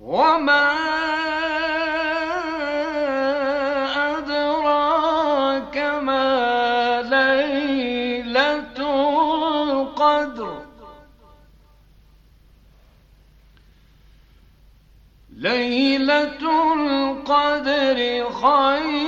وما أدراك ما ليلة القدر ليلة القدر خير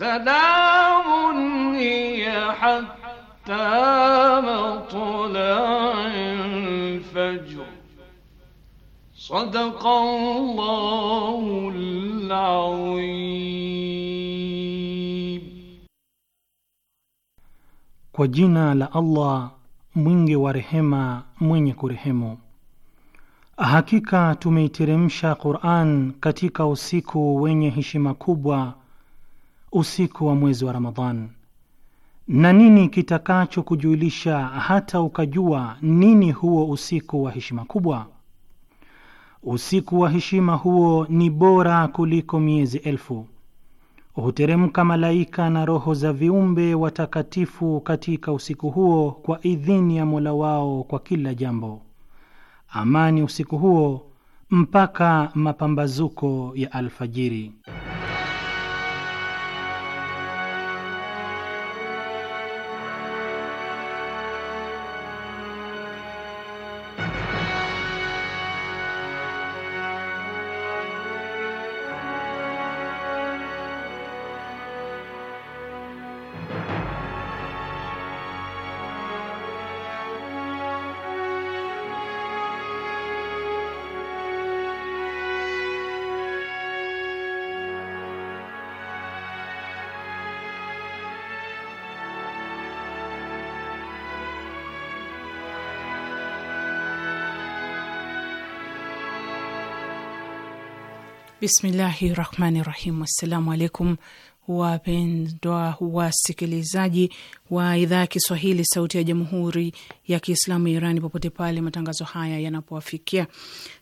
Kwa jina la Allah mwingi wa rehema mwenye kurehemu. Hakika tumeiteremsha Qur'an katika usiku wenye heshima kubwa usiku wa mwezi wa Ramadhan. Na nini kitakachokujulisha hata ukajua nini huo usiku wa heshima kubwa? Usiku wa heshima huo ni bora kuliko miezi elfu. Huteremka malaika na roho za viumbe watakatifu katika usiku huo kwa idhini ya Mola wao kwa kila jambo. Amani usiku huo mpaka mapambazuko ya alfajiri. Bismillahi rahmani rahim. Assalamu alaikum wapendwa wasikilizaji wa idhaa ya Kiswahili sauti ya jamhuri ya Kiislamu ya Irani popote pale matangazo haya yanapowafikia.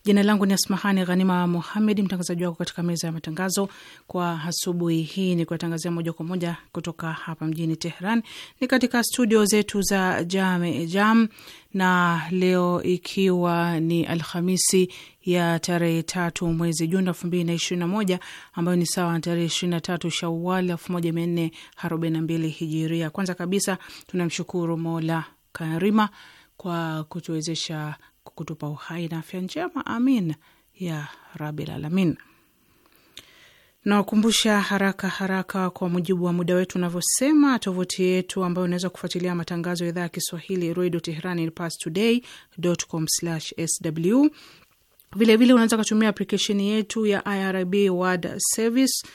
Jina langu ni Asmahani Ghanima Muhamed, mtangazaji wako katika meza ya matangazo kwa asubuhi hii, ni kuwatangazia moja kwa moja kutoka hapa mjini Tehran, ni katika studio zetu za jame Jam, na leo ikiwa ni Alhamisi ya tarehe tatu mwezi Juni elfu mbili na ishirini na moja ambayo ni sawa na tarehe ishirini na tatu Shawali elfu moja mia nne arobaini na mbili hijiria. Kwanza kabisa tunamshukuru Mola Karima kwa kutuwezesha kutupa uhai na afya njema, amin ya rabil alamin. Nawakumbusha haraka haraka, kwa mujibu wa muda wetu unavyosema, tovuti yetu ambayo unaweza kufuatilia matangazo ya idhaa ya Kiswahili redio Teherani, Pars Today com sw Vilevile unaweza ukatumia aplikesheni yetu ya IRIB World Service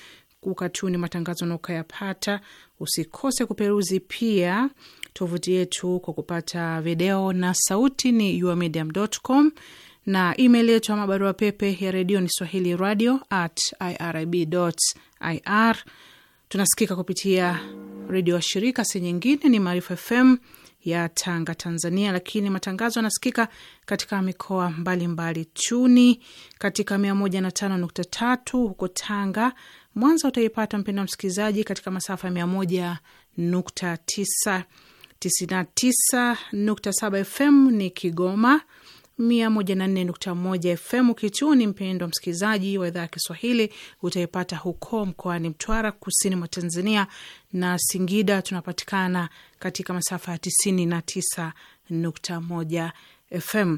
ukatuni matangazo na ukayapata. Usikose kuperuzi pia tovuti yetu kwa kupata video na sauti ni uamedium.com na email yetu ama barua pepe ya redio ni swahili radio at ir Tunasikika kupitia redio wa shirika, si nyingine ni Maarifa FM ya Tanga, Tanzania, lakini matangazo yanasikika katika mikoa mbalimbali Chuni katika mia moja na tano nukta tatu huko Tanga. Mwanza utaipata mpendo wa msikilizaji katika masafa ya mia moja nukta tisa tisini na tisa nukta saba FM ni Kigoma 104.1 FM. Kituni mpendo msikilizaji wa idhaa ya Kiswahili utaipata huko mkoani Mtwara, kusini mwa Tanzania na Singida. Tunapatikana katika masafa ya 99.1 FM.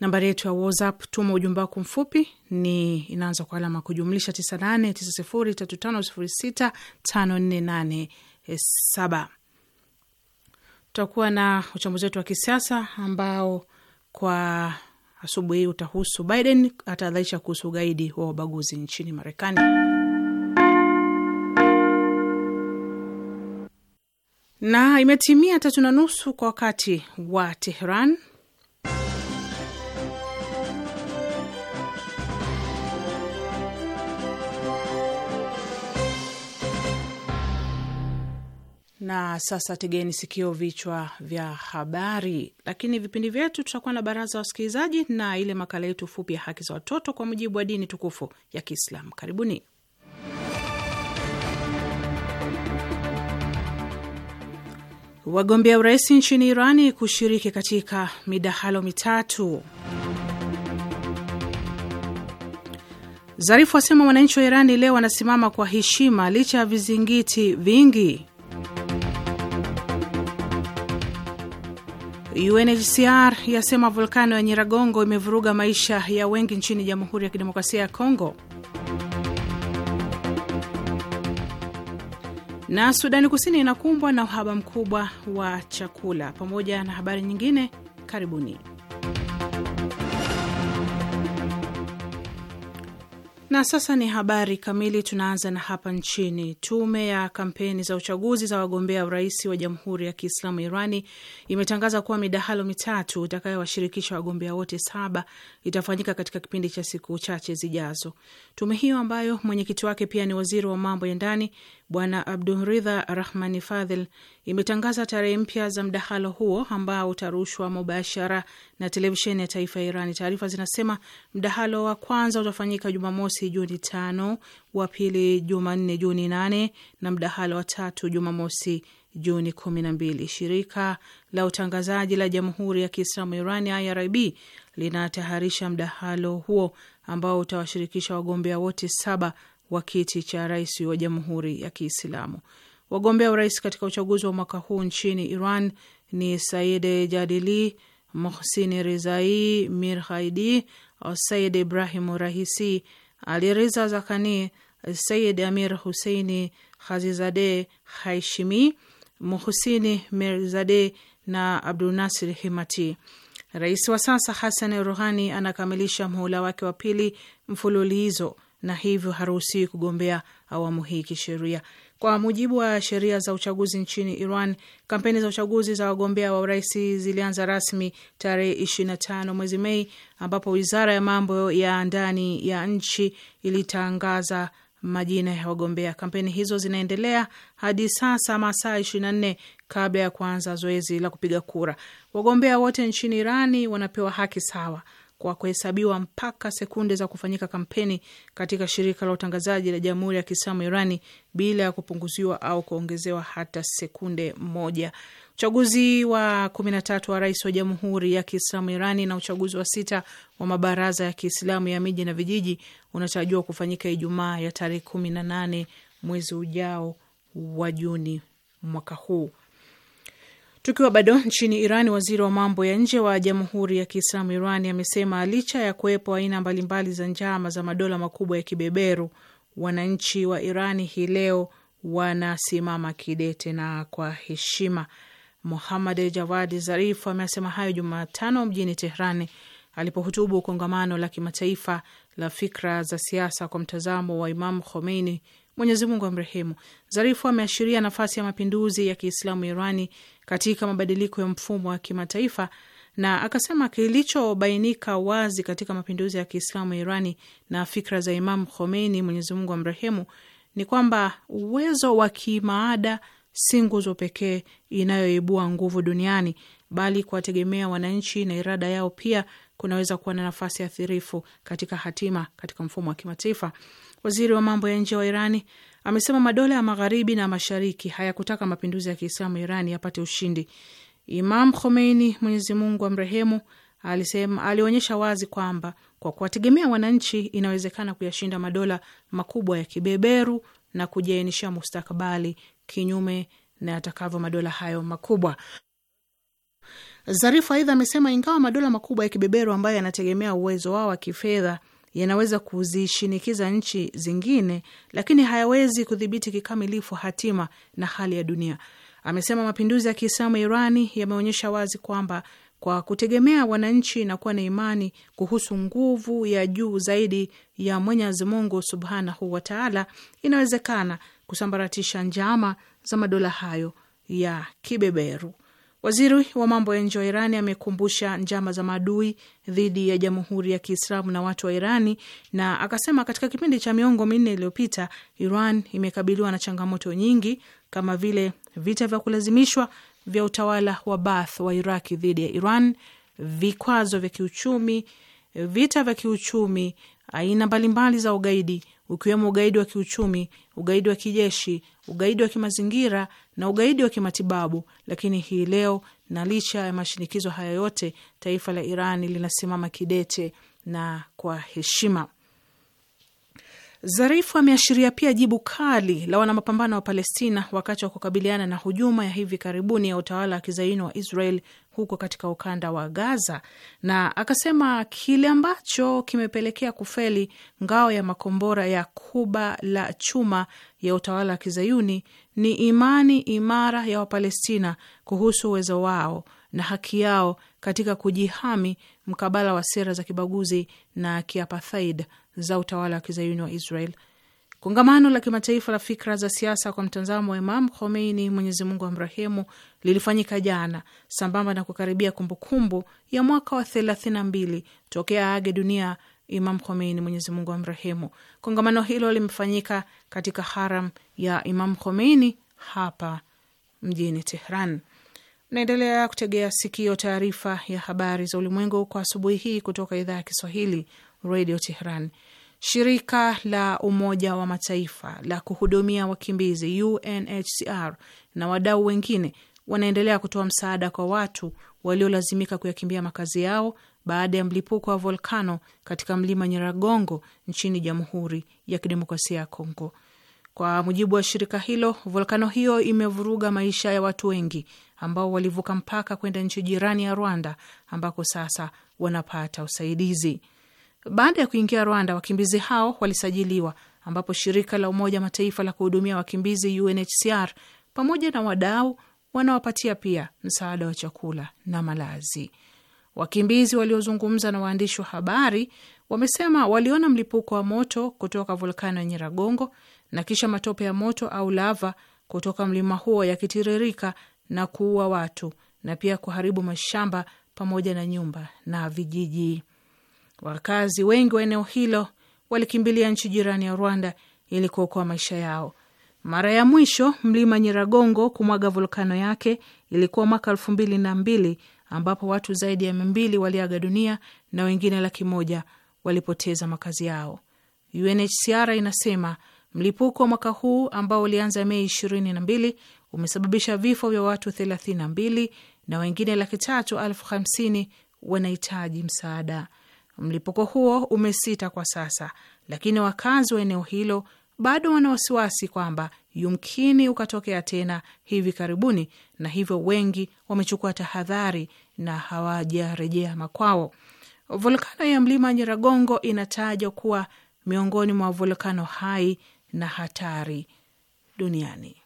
Nambari yetu ya WhatsApp, tuma ujumbe wako mfupi, ni inaanza kwa alama kujumlisha 989035065487. Tutakuwa na uchambuzi wetu wa kisiasa ambao kwa asubuhi hii utahusu Biden atahadharisha kuhusu ugaidi wa ubaguzi nchini Marekani, na imetimia tatu na nusu kwa wakati wa Tehran na sasa tegeni sikio, vichwa vya habari. Lakini vipindi vyetu tutakuwa na baraza ya wasikilizaji na ile makala yetu fupi ya haki za watoto kwa mujibu wa dini tukufu ya Kiislamu. Karibuni. Wagombea urais nchini Irani kushiriki katika midahalo mitatu. Zarifu asema wananchi wa Irani leo wanasimama kwa heshima licha ya vizingiti vingi. UNHCR yasema volkano ya Nyiragongo imevuruga maisha ya wengi nchini Jamhuri ya Kidemokrasia ya Kongo. Na Sudani Kusini inakumbwa na uhaba mkubwa wa chakula, pamoja na habari nyingine. Karibuni. Na sasa ni habari kamili. Tunaanza na hapa nchini. Tume ya kampeni za uchaguzi za wagombea urais wa Jamhuri ya Kiislamu Irani imetangaza kuwa midahalo mitatu itakayowashirikisha wagombea wote saba itafanyika katika kipindi cha siku chache zijazo. Tume hiyo ambayo mwenyekiti wake pia ni waziri wa mambo ya ndani Bwana Abduridha Rahmani Fadhil imetangaza tarehe mpya za mdahalo huo ambao utarushwa mubashara na televisheni ya taifa ya Irani. Taarifa zinasema mdahalo wa kwanza utafanyika Jumamosi Juni tano, wa pili Jumanne Juni nane na mdahalo wa tatu Jumamosi Juni kumi na mbili. Shirika la utangazaji la Jamhuri ya Kiislamu Irani IRIB linatayarisha mdahalo huo ambao utawashirikisha wagombea wote saba wa kiti cha rais wa Jamhuri ya Kiislamu. Wagombea urais katika uchaguzi wa mwaka huu nchini Iran ni Said Jadili, Mohsin Rizai, Mir Haidi, Said Ibrahim Rahisi, Ali Riza Zakani, Said Amir Huseini Khazizade Haishimi, Muhusini Mirzade na Abdunasir Himati. Rais wa sasa Hassan Ruhani anakamilisha muhula wake wa pili mfululizo na hivyo haruhusiwi kugombea awamu hii kisheria. Kwa mujibu wa sheria za uchaguzi nchini Iran, kampeni za uchaguzi za wagombea wa urais zilianza rasmi tarehe tano mwezi Mei, ambapo wizara ya mambo ya ndani ya nchi ilitangaza majina ya wagombea. Kampeni hizo zinaendelea hadi sasa masaa nne kabla ya kuanza zoezi la kupiga kura. Wagombea wote nchini Irani wanapewa haki sawa kwa kuhesabiwa mpaka sekunde za kufanyika kampeni katika shirika la utangazaji la Jamhuri ya Kiislamu Irani bila ya kupunguziwa au kuongezewa hata sekunde moja. Uchaguzi wa kumi na tatu wa rais wa Jamhuri ya Kiislamu Irani na uchaguzi wa sita wa mabaraza ya Kiislamu ya miji na vijiji unatarajiwa kufanyika Ijumaa ya tarehe kumi na nane mwezi ujao wa Juni mwaka huu. Tukiwa bado nchini Iran, waziri wa mambo ya nje wa Jamhuri ya Kiislamu Iran amesema licha ya kuwepo aina mbalimbali za njama za madola makubwa ya kibeberu, wananchi wa Irani hii leo wanasimama kidete na kwa heshima. muhamad Javad Zarif amesema hayo Jumatano mjini Tehrani alipohutubu kongamano la kimataifa la fikra za siasa kwa mtazamo wa Imam Khomeini Mwenyezi Mungu amrehemu. Zarifu ameashiria nafasi ya mapinduzi ya Kiislamu Irani katika mabadiliko ya mfumo wa kimataifa na akasema kilichobainika wazi katika mapinduzi ya Kiislamu Irani na fikra za Imamu Khomeini, Mwenyezi Mungu amrehemu, ni kwamba uwezo wa kimaada si nguzo pekee inayoibua nguvu duniani, bali kuwategemea wananchi na irada yao pia kunaweza kuwa na nafasi athirifu katika hatima katika mfumo wa kimataifa. Waziri wa mambo ya nje wa Irani amesema madola ya magharibi na mashariki hayakutaka mapinduzi ya Kiislamu Irani yapate ushindi. Imam Khomeini, Mwenyezi Mungu amrehemu, alisema alionyesha wazi kwamba kwa kuwategemea wananchi inawezekana kuyashinda madola makubwa ya kibeberu na kujiainishia mustakabali kinyume na yatakavyo madola hayo makubwa. Zarifu aidha amesema ingawa madola makubwa ya kibeberu ambayo yanategemea uwezo wao wa kifedha yanaweza kuzishinikiza nchi zingine, lakini hayawezi kudhibiti kikamilifu hatima na hali ya dunia. Amesema mapinduzi ya Kiislamu Irani yameonyesha wazi kwamba kwa kutegemea wananchi na kuwa na imani kuhusu nguvu ya juu zaidi ya Mwenyezi Mungu subhanahu wataala inawezekana kusambaratisha njama za madola hayo ya kibeberu. Waziri wa mambo ya nje wa Irani amekumbusha njama za maadui dhidi ya jamhuri ya Kiislamu na watu wa Irani na akasema katika kipindi cha miongo minne iliyopita Iran imekabiliwa na changamoto nyingi kama vile vita vya kulazimishwa vya utawala wa Baath wa Iraki dhidi ya Iran, vikwazo vya kiuchumi, vita vya kiuchumi, aina mbalimbali za ugaidi, ukiwemo ugaidi wa kiuchumi, ugaidi wa kijeshi, ugaidi wa kimazingira na ugaidi wa kimatibabu. Lakini hii leo, na licha ya mashinikizo haya yote, taifa la Iran linasimama kidete na kwa heshima. Zarifu ameashiria pia jibu kali la wanamapambano wa Palestina wakati wa kukabiliana na hujuma ya hivi karibuni ya utawala wa kizaini wa Israel huko katika ukanda wa Gaza, na akasema kile ambacho kimepelekea kufeli ngao ya makombora ya kuba la chuma ya utawala wa kizayuni ni imani imara ya Wapalestina kuhusu uwezo wao na haki yao katika kujihami mkabala wa sera za kibaguzi na kiapathaid za utawala wa kizayuni wa Israel. Kongamano la kimataifa la fikra za siasa kwa mtazamo wa Imam Khomeini, Mwenyezi Mungu amrehemu, lilifanyika jana sambamba na kukaribia kumbukumbu ya mwaka wa thelathini na mbili tokea aage dunia Imam Khomeini, Mwenyezi Mungu amrehemu. Kongamano hilo limefanyika katika haram ya Imam Khomeini hapa mjini Tehran. Naendelea kutegea sikio taarifa ya habari za ulimwengu kwa asubuhi hii kutoka idhaa ya Kiswahili, Radio Tehran. Shirika la Umoja wa Mataifa la kuhudumia wakimbizi UNHCR na wadau wengine wanaendelea kutoa msaada kwa watu waliolazimika kuyakimbia makazi yao baada ya mlipuko wa volkano katika mlima Nyiragongo nchini Jamhuri ya Kidemokrasia ya Kongo. Kwa mujibu wa shirika hilo, volkano hiyo imevuruga maisha ya watu wengi ambao walivuka mpaka kwenda nchi jirani ya Rwanda ambako sasa wanapata usaidizi. Baada ya kuingia Rwanda, wakimbizi hao walisajiliwa, ambapo shirika la Umoja Mataifa la kuhudumia wakimbizi UNHCR pamoja na wadau wanawapatia pia msaada wa chakula na malazi. Wakimbizi waliozungumza na waandishi wa habari wamesema waliona mlipuko wa moto kutoka volkano ya Nyiragongo na kisha matope ya moto au lava kutoka mlima huo yakitiririka na kuua watu na pia kuharibu mashamba pamoja na nyumba na vijiji. Wakazi wengi wa eneo hilo walikimbilia nchi jirani ya Rwanda ili kuokoa maisha yao. Mara ya mwisho mlima Nyiragongo kumwaga volkano yake ilikuwa mwaka elfu mbili na mbili ambapo watu zaidi ya mia mbili waliaga dunia na wengine laki moja walipoteza makazi yao. UNHCR inasema mlipuko wa mwaka huu ambao ulianza Mei ishirini na mbili umesababisha vifo vya watu thelathini na mbili na wengine laki tatu elfu hamsini wanahitaji msaada. Mlipuko huo umesita kwa sasa, lakini wakazi wa eneo hilo bado wana wasiwasi kwamba yumkini ukatokea tena hivi karibuni, na hivyo wengi wamechukua tahadhari na hawajarejea makwao. Volkano ya mlima Nyiragongo inatajwa kuwa miongoni mwa volkano hai na hatari duniani.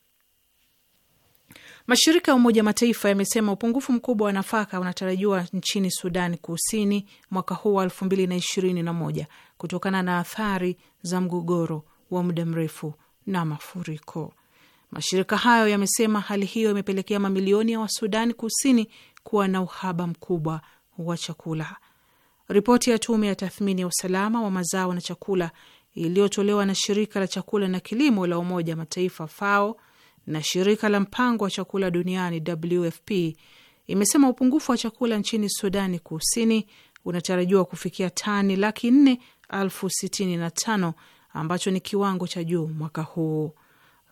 Mashirika ya Umoja Mataifa yamesema upungufu mkubwa wa nafaka unatarajiwa nchini Sudan Kusini mwaka huu wa elfu mbili na ishirini na moja kutokana na athari za mgogoro wa muda mrefu na mafuriko. Mashirika hayo yamesema hali hiyo imepelekea mamilioni ya Wasudan Kusini kuwa na uhaba mkubwa wa chakula. Ripoti ya tume ya tathmini ya usalama wa mazao na chakula iliyotolewa na shirika la chakula na kilimo la Umoja Mataifa FAO na shirika la mpango wa chakula duniani WFP imesema upungufu wa chakula nchini Sudani Kusini unatarajiwa kufikia tani laki nne elfu sitini na tano ambacho ni kiwango cha juu mwaka huu.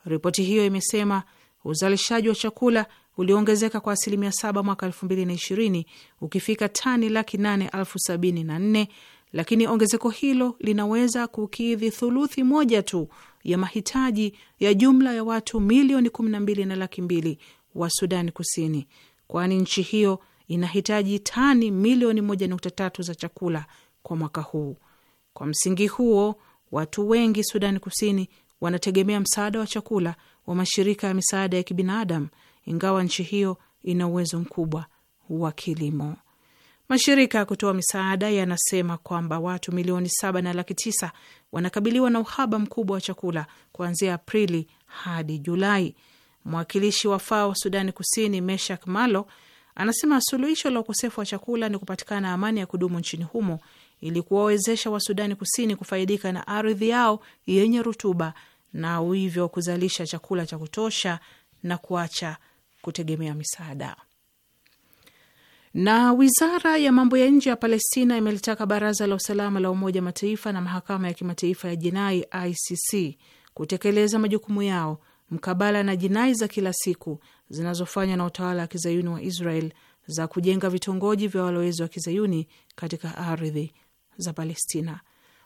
Ripoti hiyo imesema uzalishaji wa chakula uliongezeka kwa asilimia saba mwaka elfu mbili na ishirini ukifika tani laki nane elfu sabini na nne lakini ongezeko hilo linaweza kukidhi thuluthi moja tu ya mahitaji ya jumla ya watu milioni kumi na mbili na laki mbili wa Sudani Kusini, kwani nchi hiyo inahitaji tani milioni moja nukta tatu za chakula kwa mwaka huu. Kwa msingi huo, watu wengi Sudani Kusini wanategemea msaada wa chakula wa mashirika ya misaada ya kibinadamu, ingawa nchi hiyo ina uwezo mkubwa wa kilimo. Mashirika ya kutoa misaada yanasema kwamba watu milioni saba na laki tisa wanakabiliwa na uhaba mkubwa wa chakula kuanzia Aprili hadi Julai. Mwakilishi wa FAO wa Sudani Kusini, Meshak Malo, anasema suluhisho la ukosefu wa chakula ni kupatikana amani ya kudumu nchini humo ili kuwawezesha Wasudani Kusini kufaidika na ardhi yao yenye rutuba na hivyo kuzalisha chakula cha kutosha na kuacha kutegemea misaada. Na wizara ya mambo ya nje ya Palestina imelitaka baraza la usalama la Umoja Mataifa na mahakama ya kimataifa ya jinai ICC kutekeleza majukumu yao mkabala na jinai za kila siku zinazofanywa na utawala wa kizayuni wa Israel za kujenga vitongoji vya walowezi wa kizayuni katika ardhi za Palestina.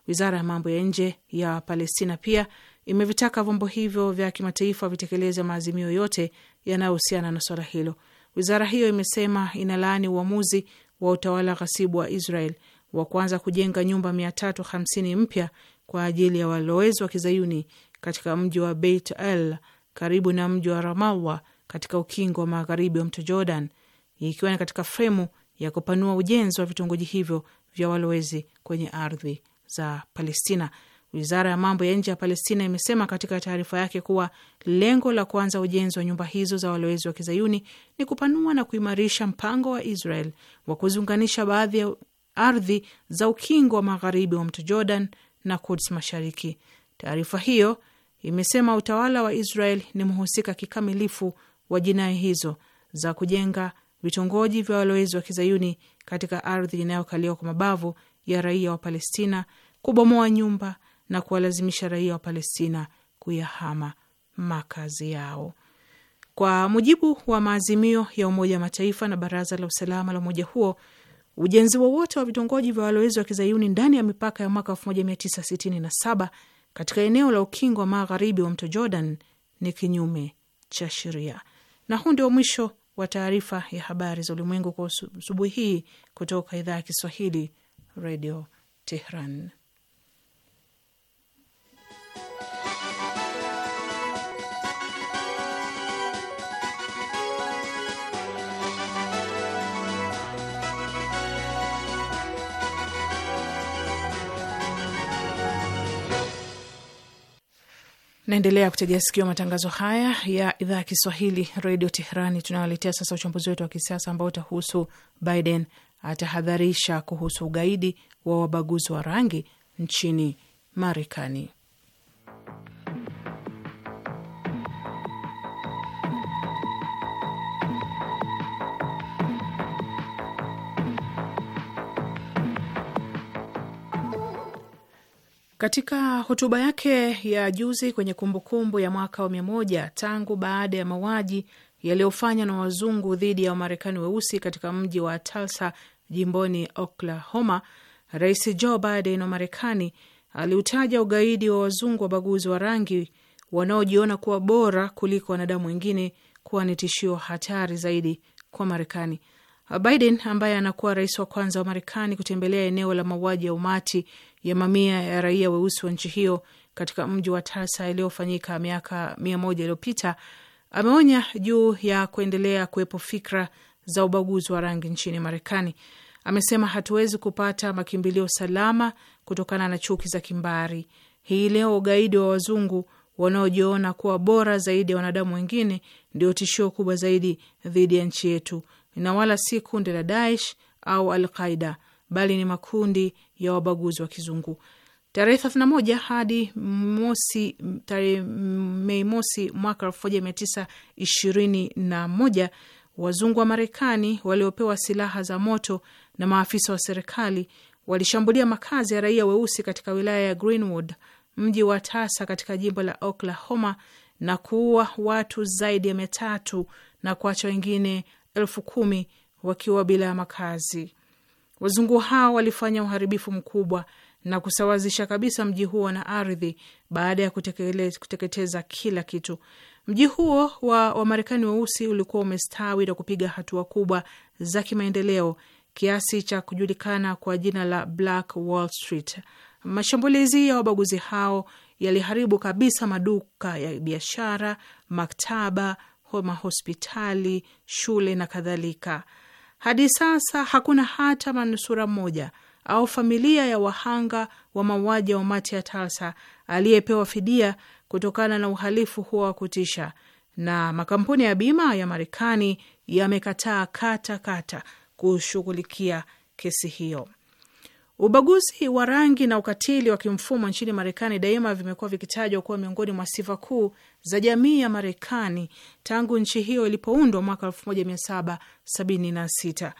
Wizara ya mambo ya nje ya Palestina pia imevitaka vyombo hivyo vya kimataifa vitekeleze maazimio yote yanayohusiana na swala hilo. Wizara hiyo imesema inalaani uamuzi wa utawala ghasibu wa Israel wa kuanza kujenga nyumba 350 mpya kwa ajili ya walowezi wa kizayuni katika mji wa Beit El karibu na mji wa Ramawa katika ukingo wa magharibi wa mto Jordan, ikiwa ni katika fremu ya kupanua ujenzi wa vitongoji hivyo vya walowezi kwenye ardhi za Palestina. Wizara ya mambo ya nje ya Palestina imesema katika taarifa yake kuwa lengo la kuanza ujenzi wa nyumba hizo za walowezi wa kizayuni ni kupanua na kuimarisha mpango wa Israel wa kuziunganisha baadhi ya ardhi za ukingo wa magharibi wa mto Jordan na Kuds Mashariki. Taarifa hiyo imesema utawala wa Israel ni mhusika kikamilifu wa jinai hizo za kujenga vitongoji vya walowezi wa kizayuni katika ardhi inayokaliwa kwa mabavu ya raia wa Palestina, kubomoa nyumba na kuwalazimisha raia wa Palestina kuyahama makazi yao. Kwa mujibu wa maazimio ya Umoja wa Mataifa na Baraza la Usalama la umoja huo, ujenzi wowote wa, vitongoji vya walowezi wa kizayuni ndani ya mipaka ya mwaka 1967 katika eneo la ukingo wa magharibi wa mto Jordan ni kinyume cha sheria. Na huu ndio mwisho wa taarifa ya habari za ulimwengu kwa asubuhi hii kutoka idhaa ya Kiswahili, Radio Tehran. Naendelea kutegea sikio matangazo haya ya idhaa ya Kiswahili redio Teherani. Tunawaletea sasa uchambuzi wetu wa kisiasa ambao utahusu Biden atahadharisha kuhusu ugaidi wa wabaguzi wa rangi nchini Marekani. Katika hotuba yake ya juzi kwenye kumbukumbu ya mwaka wa mia moja tangu baada ya mauaji yaliyofanywa na wazungu dhidi ya Wamarekani weusi katika mji wa Tulsa jimboni Oklahoma, Rais Joe Biden wa Marekani aliutaja ugaidi wa wazungu wabaguzi wa rangi wanaojiona kuwa bora kuliko wanadamu wengine kuwa ni tishio hatari zaidi kwa Marekani. Biden ambaye anakuwa rais wa kwanza wa Marekani kutembelea eneo la mauaji ya umati ya mamia ya raia weusi wa nchi hiyo katika mji wa Tasa iliyofanyika miaka mia moja iliyopita ameonya juu ya kuendelea kuwepo fikra za ubaguzi wa rangi nchini Marekani. Amesema hatuwezi kupata makimbilio salama kutokana na chuki za kimbari. Hii leo ugaidi wa wazungu wanaojiona kuwa bora zaidi ya wanadamu wengine ndio tishio kubwa zaidi dhidi ya nchi yetu, na wala si kundi la Daesh au Al Qaida bali ni makundi ya wabaguzi wa kizungu. Tarehe thelathini na moja hadi mosi tarehe Mei mosi mwaka elfu moja mia tisa ishirini na moja wazungu wa Marekani waliopewa silaha za moto na maafisa wa serikali walishambulia makazi ya raia weusi katika wilaya ya Greenwood, mji wa tasa katika jimbo la Oklahoma, na kuua watu zaidi ya mia tatu na kuacha wengine elfu kumi wakiwa bila makazi. Wazungu hao walifanya uharibifu mkubwa na kusawazisha kabisa mji huo na ardhi baada ya kuteketeza kila kitu. Mji huo wa Wamarekani weusi wa ulikuwa umestawi na kupiga hatua kubwa za kimaendeleo kiasi cha kujulikana kwa jina la Black Wall Street. Mashambulizi ya wabaguzi hao yaliharibu kabisa maduka ya biashara, maktaba, mahospitali, shule na kadhalika. Hadi sasa hakuna hata manusura mmoja au familia ya wahanga wa mauaji ya umati ya Talsa aliyepewa fidia kutokana na uhalifu huo wa kutisha, na makampuni ya bima ya Marekani yamekataa kata kata kushughulikia kesi hiyo. Ubaguzi wa rangi na ukatili wa kimfumo nchini Marekani daima vimekuwa vikitajwa kuwa miongoni mwa sifa kuu za jamii ya Marekani tangu nchi hiyo ilipoundwa mwaka 1776.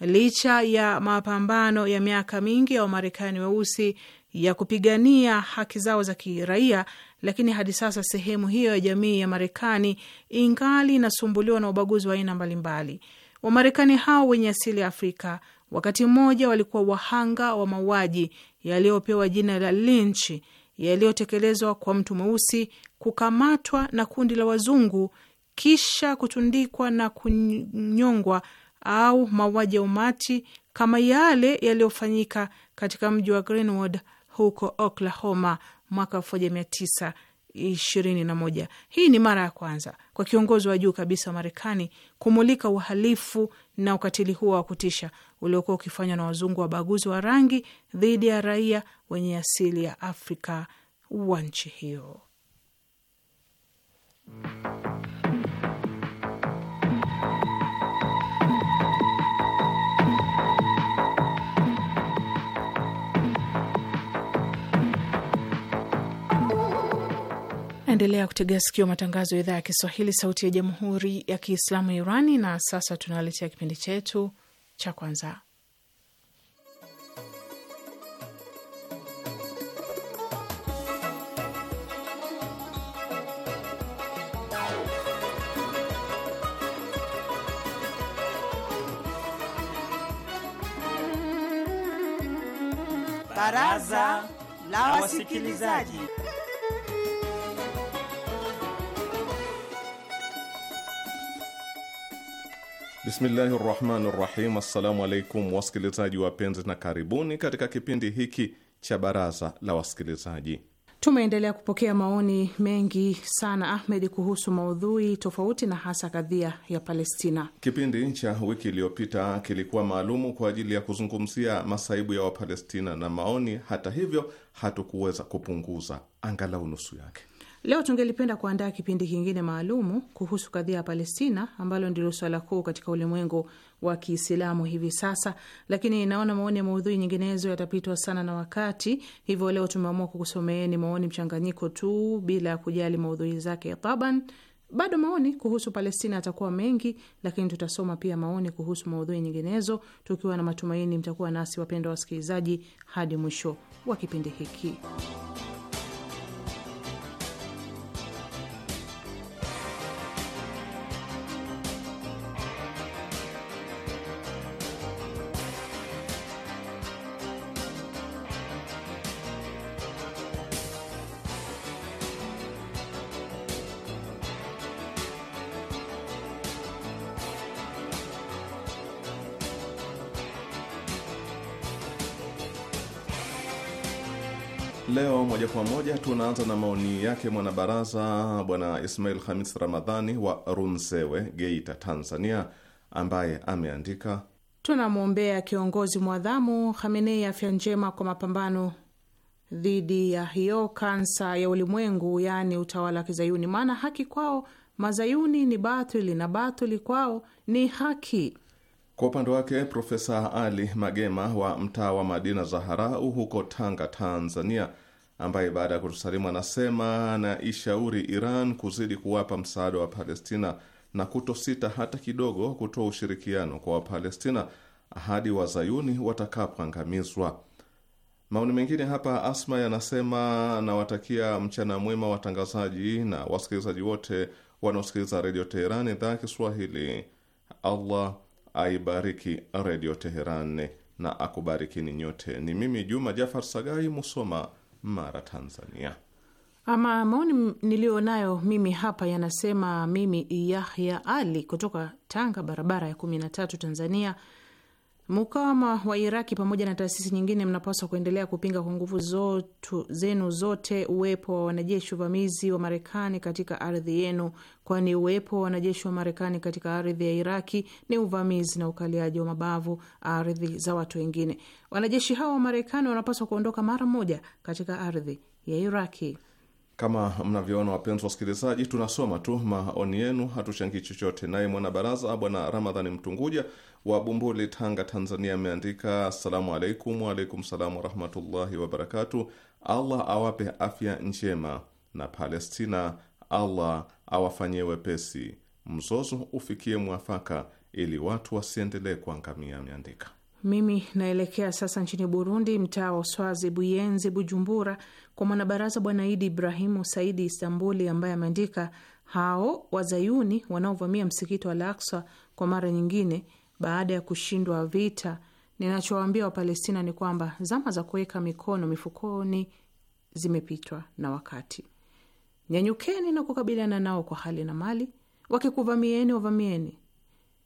Licha ya mapambano ya miaka mingi ya Wamarekani weusi ya kupigania haki zao za kiraia, lakini hadi sasa sehemu hiyo ya jamii ya Marekani ingali inasumbuliwa na ubaguzi wa aina mbalimbali. Wamarekani hao wenye asili ya Afrika wakati mmoja walikuwa wahanga wa mauaji yaliyopewa jina la linchi yaliyotekelezwa kwa mtu mweusi kukamatwa na kundi la wazungu kisha kutundikwa na kunyongwa au mauaji ya umati kama yale yaliyofanyika katika mji wa Greenwood huko Oklahoma mwaka elfu moja tisa ishirini na moja. Hii ni mara ya kwanza kwa kiongozi wa juu kabisa wa Marekani kumulika uhalifu na ukatili huo wa kutisha uliokuwa ukifanywa na wazungu wabaguzi wa rangi dhidi ya raia wenye asili ya Afrika wa nchi hiyo. Mm. Endelea kutegea sikio matangazo ya idhaa ya Kiswahili, sauti ya jamhuri ya kiislamu ya Irani. Na sasa tunaletea kipindi chetu cha kwanza, baraza la wasikilizaji. Bismillahi rahmani rahim. Assalamu alaikum wasikilizaji wapenzi, na karibuni katika kipindi hiki cha baraza la wasikilizaji. Tumeendelea kupokea maoni mengi sana Ahmed, kuhusu maudhui tofauti na hasa kadhia ya Palestina. Kipindi cha wiki iliyopita kilikuwa maalumu kwa ajili ya kuzungumzia masaibu ya Wapalestina na maoni, hata hivyo hatukuweza kupunguza angalau nusu yake. Leo tungelipenda kuandaa kipindi kingine maalumu kuhusu kadhia ya Palestina ambalo ndilo swala kuu katika ulimwengu wa Kiislamu hivi sasa, lakini naona maoni ya maudhui nyinginezo yatapitwa sana na wakati, hivyo leo tumeamua kukusomeeni maoni mchanganyiko tu bila ya kujali maudhui zake taban. Bado maoni kuhusu Palestina yatakuwa mengi, lakini tutasoma pia maoni kuhusu maudhui nyinginezo, tukiwa na matumaini mtakuwa nasi, wapendwa wasikilizaji, hadi mwisho wa kipindi hiki. kwa moja tunaanza na maoni yake mwanabaraza Bwana Ismail Hamis Ramadhani wa Runzewe, Geita, Tanzania, ambaye ameandika tunamwombea kiongozi mwadhamu Khamenei afya njema kwa mapambano dhidi ya hiyo kansa ya ulimwengu, yaani utawala wa Kizayuni, maana haki kwao mazayuni ni batili na batili kwao ni haki. Kwa upande wake Profesa Ali Magema wa mtaa wa Madina Zaharau huko Tanga, Tanzania, ambaye baada ya kutusalimu anasema anaishauri Iran kuzidi kuwapa msaada wa Palestina na kutosita hata kidogo kutoa ushirikiano kwa Wapalestina hadi wazayuni watakapoangamizwa. Maoni mengine hapa Asma yanasema, nawatakia mchana mwema watangazaji na wasikilizaji wote wanaosikiliza Redio Teheran idhaa ya Kiswahili. Allah aibariki Redio Teheran na akubarikini nyote. Ni mimi Juma Jafar Sagai Musoma mara, Tanzania. Ama maoni niliyonayo mimi hapa yanasema, mimi Yahya Ali kutoka Tanga, barabara ya kumi na tatu, Tanzania Mukawama wa Iraki pamoja na taasisi nyingine, mnapaswa kuendelea kupinga kwa nguvu zenu zote uwepo wa wanajeshi uvamizi wa Marekani katika ardhi yenu, kwani uwepo wa wanajeshi wa Marekani katika ardhi ya Iraki ni uvamizi na ukaliaji wa mabavu ardhi za watu wengine. Wanajeshi hao wa Marekani wanapaswa kuondoka mara moja katika ardhi ya Iraki. Kama mnavyoona wapenzi wasikilizaji, tunasoma tu maoni yenu, hatuchangii chochote. Naye mwanabaraza Bwana Ramadhani Mtunguja wa Bumbuli, Tanga, Tanzania ameandika assalamu alaikum. Waalaikum salam warahmatullahi wabarakatu. Allah awape afya njema na Palestina, Allah awafanyie wepesi, mzozo ufikie mwafaka ili watu wasiendelee kuangamia, ameandika. Mimi naelekea sasa nchini Burundi, mtaa wa swazi Buyenzi, Bujumbura, kwa mwanabaraza Bwana Idi Ibrahimu Saidi Istambuli, ambaye ameandika hao wazayuni wanaovamia msikiti wa Al-Aqsa kwa mara nyingine baada ya kushindwa vita, ninachowaambia Wapalestina ni kwamba zama za kuweka mikono mifukoni zimepitwa na wakati. Nyanyukeni na kukabiliana nao kwa hali na mali. Wakikuvamieni wavamieni.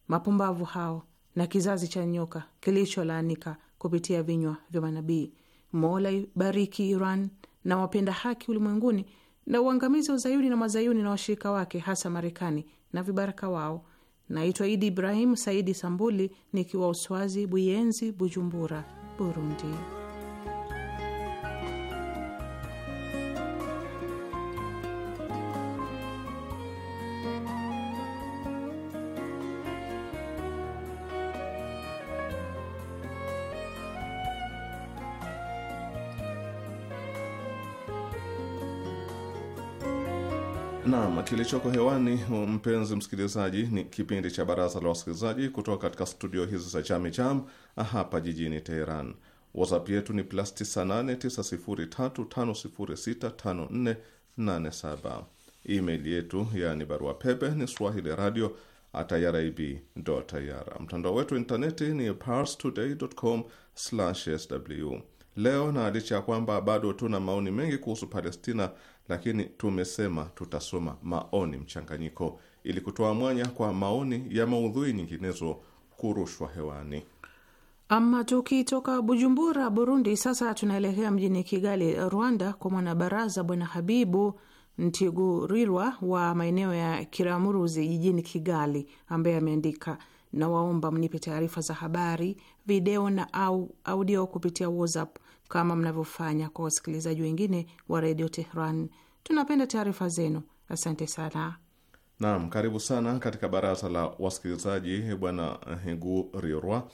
Mapumbavu hao na kizazi cha nyoka kilicholaanika kupitia vinywa vya manabii. Mola ibariki Iran na wapenda haki ulimwenguni na uangamizi wa Zayuni na Mazayuni na washirika wake hasa Marekani na vibaraka wao Naitwa Idi Ibrahimu Saidi Sambuli nikiwa Uswazi, Buyenzi, Bujumbura, Burundi. kilichoko hewani, mpenzi msikilizaji, ni kipindi cha Baraza la Wasikilizaji kutoka katika studio hizi za Chami Cham hapa jijini Teheran. WhatsApp yetu ni plus 989035065487. Email yetu yaani barua pepe ni swahili radio irib.ir. Mtandao wetu wa intaneti ni parstoday.com/sw. Leo na licha ya kwamba bado tuna maoni mengi kuhusu Palestina lakini tumesema tutasoma maoni mchanganyiko ili kutoa mwanya kwa maoni ya maudhui nyinginezo kurushwa hewani. Ama tukitoka Bujumbura, Burundi, sasa tunaelekea mjini Kigali, Rwanda, kwa mwanabaraza Bwana Habibu Ntigurirwa wa maeneo ya Kiramuruzi jijini Kigali, ambaye ameandika nawaomba mnipe taarifa za habari, video na au audio kupitia WhatsApp kama mnavyofanya kwa wasikilizaji wengine wa redio Tehran. Tunapenda taarifa zenu, asante sana. Naam, karibu sana katika baraza la wasikilizaji, bwana Hingu Riorwa.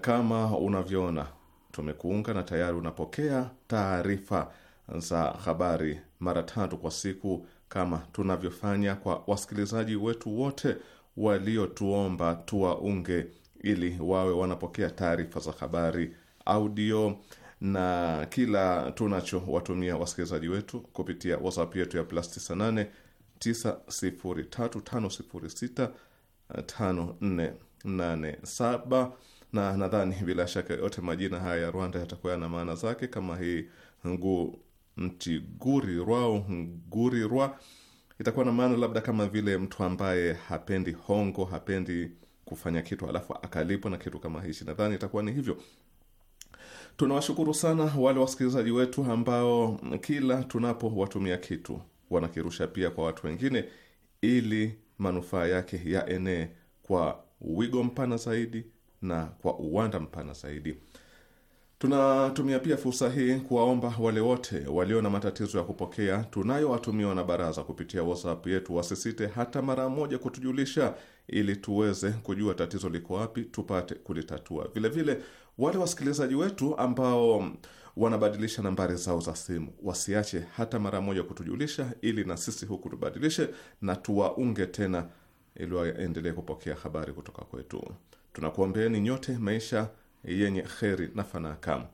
Kama unavyoona tumekuunga na tayari unapokea taarifa za habari mara tatu kwa siku, kama tunavyofanya kwa wasikilizaji wetu wote waliotuomba tuwaunge ili wawe wanapokea taarifa za habari audio na kila tunachowatumia wasikilizaji wetu kupitia WhatsApp yetu ya plus 98 9035065487 na nadhani bila shaka yote majina haya ya Rwanda yatakuwa na maana zake, kama hii ngu mtigurirwa nguri rwa itakuwa na maana labda kama vile mtu ambaye hapendi hongo, hapendi kufanya kitu alafu akalipwa na kitu kama hichi. Nadhani itakuwa ni hivyo. Tunawashukuru sana wale wasikilizaji wetu ambao kila tunapowatumia kitu wanakirusha pia kwa watu wengine, ili manufaa yake yaenee kwa wigo mpana zaidi na kwa uwanda mpana zaidi. Tunatumia pia fursa hii kuwaomba wale wote walio na matatizo ya kupokea tunayowatumia wanabaraza kupitia WhatsApp yetu wasisite hata mara moja kutujulisha, ili tuweze kujua tatizo liko wapi, tupate kulitatua. Vilevile wale wasikilizaji wetu ambao wanabadilisha nambari zao za simu wasiache hata mara moja kutujulisha, ili na sisi huku tubadilishe na tuwaunge tena, ili waendelee kupokea habari kutoka kwetu. Tunakuombeeni nyote maisha yenye kheri na fanakamu.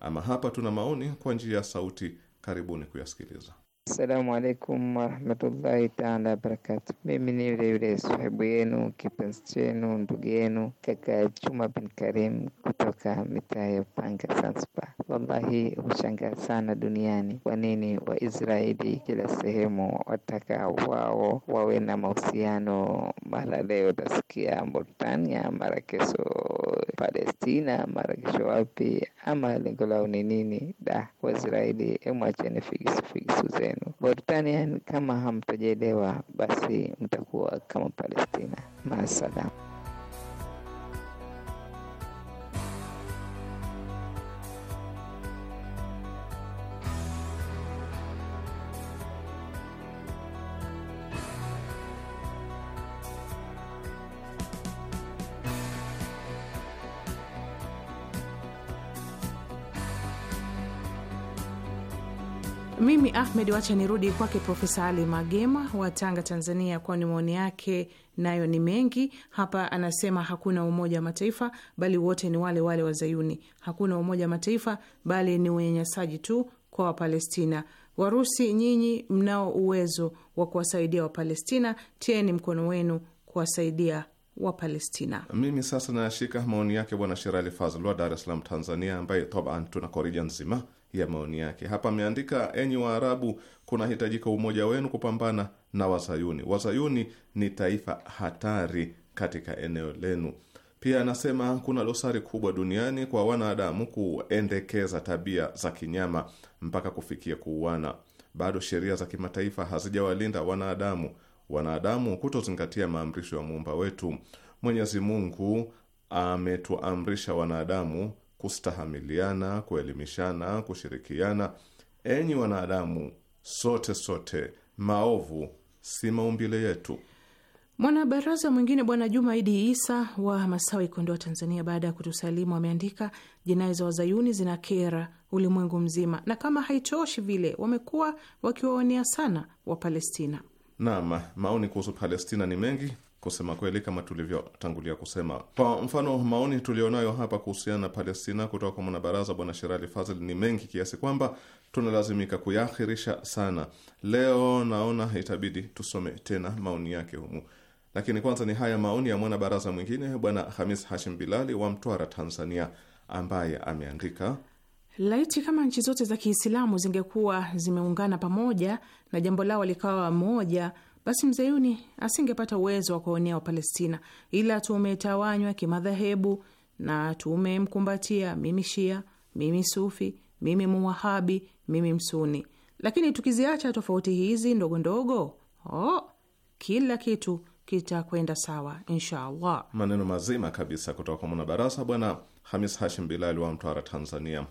Ama hapa tuna maoni kwa njia ya sauti, karibuni kuyasikiliza. Assalamu alaikum warahmatullahi taala wabarakatu. Mimi ni yule yule sahibu yenu kipenzi chenu ndugu yenu kaka Juma bin Karim kutoka mitaa ya Upanga, Zanzibar. Wallahi hushangaa sana duniani kwa nini Waisraeli kila sehemu wataka wao wawe na mahusiano, mara leo utasikia Mauritania, mara kesho Palestina, mara kesho wapi, ama lengo lao ni nini? Da, Waisraeli, emwacheni figisufigisu zenu kwenu. Bortania kama hamtajielewa, basi mtakuwa kama Palestina. Maasalamu. Ahmed, wacha nirudi kwake Profesa Ali Magema wa Tanga, Tanzania, kwani maoni yake nayo ni mengi hapa. Anasema hakuna Umoja wa Mataifa bali wote ni wale wale Wazayuni. Hakuna Umoja wa Mataifa bali ni unyanyasaji tu kwa Wapalestina. Warusi, nyinyi mnao uwezo wa kuwasaidia Wapalestina, tieni mkono wenu kuwasaidia wa Palestina. Mimi sasa nayashika maoni yake Bwana Sherali Fazl wa Dar es Salaam, Tanzania, ambaye toban tuna korija nzima ya maoni yake. Hapa ameandika, enyi Waarabu, kunahitajika umoja wenu kupambana na Wazayuni. Wazayuni ni taifa hatari katika eneo lenu. Pia anasema kuna dosari kubwa duniani kwa wanadamu kuendekeza tabia za kinyama mpaka kufikia kuuana. Bado sheria za kimataifa hazijawalinda wanadamu, wanadamu kutozingatia maamrisho ya muumba wetu. Mwenyezi Mungu ametuamrisha wanadamu kustahamiliana, kuelimishana, kushirikiana. Enyi wanadamu, sote sote, maovu si maumbile yetu. Mwanabaraza mwingine Bwana Juma Idi Isa wa Masawi, Kondoa, Tanzania, baada ya kutusalimu ameandika, jinai za wazayuni zinakera ulimwengu mzima, na kama haitoshi vile wamekuwa wakiwaonea sana Wapalestina. Naam, maoni kuhusu Palestina ni mengi, Kusema kweli, kama tulivyotangulia kusema, kwa mfano maoni tulionayo hapa kuhusiana na Palestina kutoka kwa mwanabaraza Bwana Sherali Fazil ni mengi kiasi kwamba tunalazimika kuyaakhirisha sana. Leo naona itabidi tusome tena maoni yake humu, lakini kwanza ni haya maoni ya mwanabaraza mwingine Bwana Hamis Hashim Bilali wa Mtwara, Tanzania, ambaye ameandika Laiti kama nchi zote za Kiislamu zingekuwa zimeungana pamoja na jambo lao likawa moja, basi mzayuni asingepata uwezo wa kuwaonea Wapalestina, ila tumetawanywa kimadhehebu na tumemkumbatia mimi Shia, mimi Sufi, mimi Muwahabi, mimi Msuni. Lakini tukiziacha tofauti hizi ndogo ndogo, oh, kila kitu kitakwenda sawa inshallah. Maneno mazima kabisa kutoka kwa mwanadarasa Bwana Hamis Hashim Bilali wa Mtwara, Tanzania.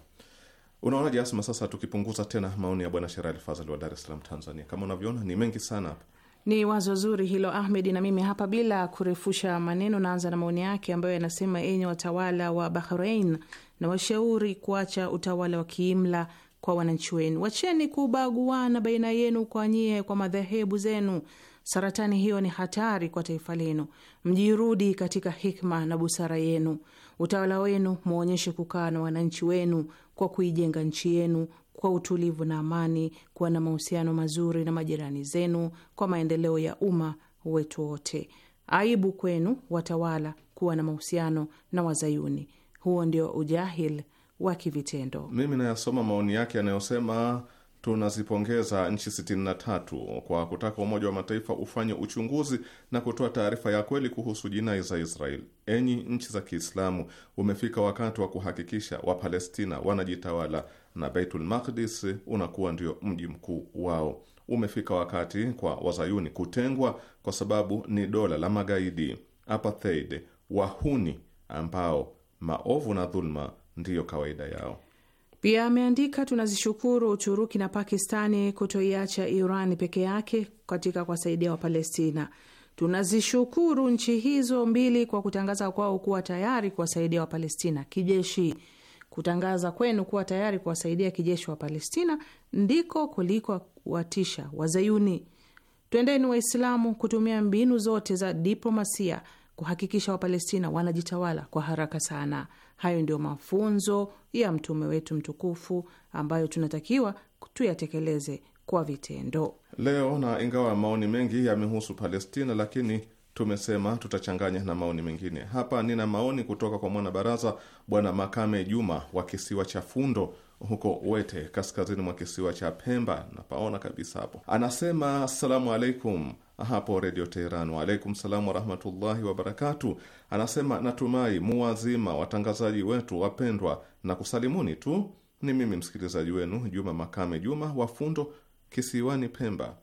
Unaona Jasma, sasa tukipunguza tena maoni ya Bwana Sherali Fazali wa Dar es Salaam, Tanzania, kama unavyoona ni mengi sana hapa ni wazo zuri hilo Ahmed, na mimi hapa bila kurefusha maneno naanza na maoni yake ambayo yanasema, enye watawala wa Bahrain na washauri kuacha utawala wa kiimla kwa wananchi wenu, wacheni kubaguana baina yenu kwa nyie kwa madhehebu zenu. Saratani hiyo ni hatari kwa taifa lenu. Mjirudi katika hikma na busara yenu. Utawala wenu mwonyeshe kukaa na wananchi wenu kwa kuijenga nchi yenu kwa utulivu na amani, kuwa na mahusiano mazuri na majirani zenu kwa maendeleo ya umma wetu wote. Aibu kwenu watawala kuwa na mahusiano na Wazayuni. Huo ndio ujahil wa kivitendo. Mimi nayasoma maoni yake yanayosema tunazipongeza nchi 63 kwa kutaka Umoja wa Mataifa ufanye uchunguzi na kutoa taarifa ya kweli kuhusu jinai za Israeli. Enyi nchi za Kiislamu, umefika wakati wa kuhakikisha Wapalestina wanajitawala na Baitul Maqdis unakuwa ndio mji mkuu wao. Umefika wakati kwa wazayuni kutengwa, kwa sababu ni dola la magaidi, apartheid, wahuni ambao maovu na dhuluma ndiyo kawaida yao. Pia ameandika tunazishukuru Uturuki na Pakistani kutoiacha Iran peke yake katika kuwasaidia Wapalestina. Tunazishukuru nchi hizo mbili kwa kutangaza kwao kuwa tayari kuwasaidia Wapalestina kijeshi. Kutangaza kwenu kuwa tayari kuwasaidia kijeshi wa Palestina ndiko kuliko watisha Wazayuni. Twendeni Waislamu kutumia mbinu zote za diplomasia kuhakikisha Wapalestina wanajitawala kwa haraka sana. Hayo ndio mafunzo ya mtume wetu mtukufu ambayo tunatakiwa tuyatekeleze kwa vitendo leo. Na ingawa maoni mengi yamehusu Palestina, lakini tumesema tutachanganya na maoni mengine. Hapa nina maoni kutoka kwa mwanabaraza Bwana Makame Juma wa kisiwa cha Fundo huko Wete, kaskazini mwa kisiwa cha Pemba. Napaona kabisa hapo. Anasema assalamu alaikum hapo Redio Teheran. Waalaikum salam warahmatullahi wabarakatu. Anasema natumai muwazima watangazaji wetu wapendwa, na kusalimuni tu. Ni mimi msikilizaji wenu Juma Makame Juma wa Fundo, kisiwani Pemba.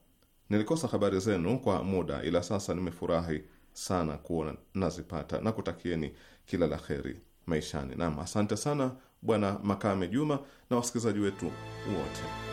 Nilikosa habari zenu kwa muda, ila sasa nimefurahi sana kuona nazipata na kutakieni kila la heri maishani. Naam, asante sana Bwana Makame Juma na wasikilizaji wetu wote.